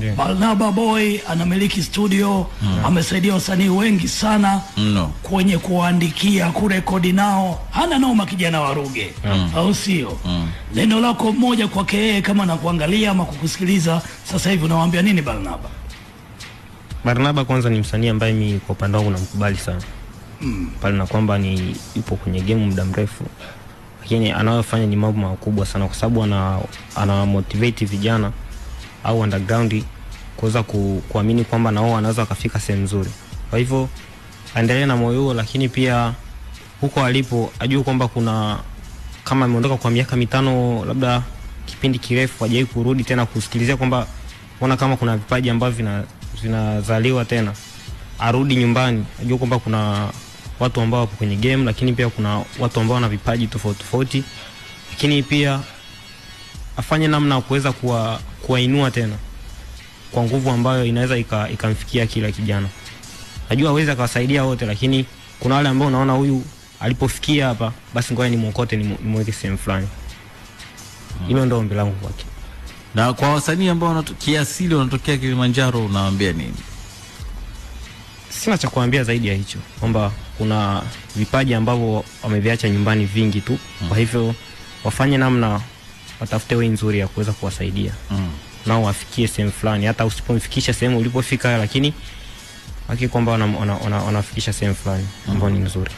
yeah. Barnaba Boy anamiliki studio mm. Amesaidia wasanii wengi sana no. Kwenye kuandikia kurekodi nao hana noma, kijana wa Ruge mm. Au sio? mm. Neno lako moja kwake yeye, kama nakuangalia ama kukusikiliza sasa hivi, unawaambia nini Barnaba? Barnaba kwanza ni msanii ambaye mimi kwa upande wangu namkubali sana mm. Pale na kwamba ni yupo kwenye game muda mrefu lakini anayofanya ni mambo makubwa sana, kwa sababu ana, ana vijana au underground kuweza ku, kuamini kwamba nao wanaweza wakafika sehemu nzuri. Kwa hivyo aendelee na moyo huo, lakini pia huko alipo ajue kwamba kuna kama ameondoka kwa miaka mitano, labda kipindi kirefu, hajawahi kurudi tena kusikilizia kwamba ona kama kuna vipaji ambavyo vina vinazaliwa tena, arudi nyumbani, ajue kwamba kuna watu ambao wapo kwenye game, lakini pia kuna watu ambao wana vipaji tofauti tofauti, lakini pia afanye namna ya kuweza kuwa kuwainua tena kwa nguvu ambayo inaweza ikamfikia kila kijana. Najua hawezi akawasaidia wote, lakini kuna wale ambao unaona huyu alipofikia hapa, basi ngoja nimuokote, nimweke sehemu fulani. Mm. Hilo ndo ombi langu kwake. Na kwa wasanii ambao kiasili wanatokea Kilimanjaro, unawaambia nini? Sina cha kuambia zaidi ya hicho kwamba kuna vipaji ambavyo wameviacha nyumbani vingi tu, kwa mm. hivyo wafanye namna watafute wei nzuri ya kuweza kuwasaidia mm. nao wafikie sehemu fulani, hata usipomfikisha sehemu ulipofika, lakini haki kwamba wanafikisha wana, wana, wana sehemu fulani ambao mm -hmm. ni nzuri.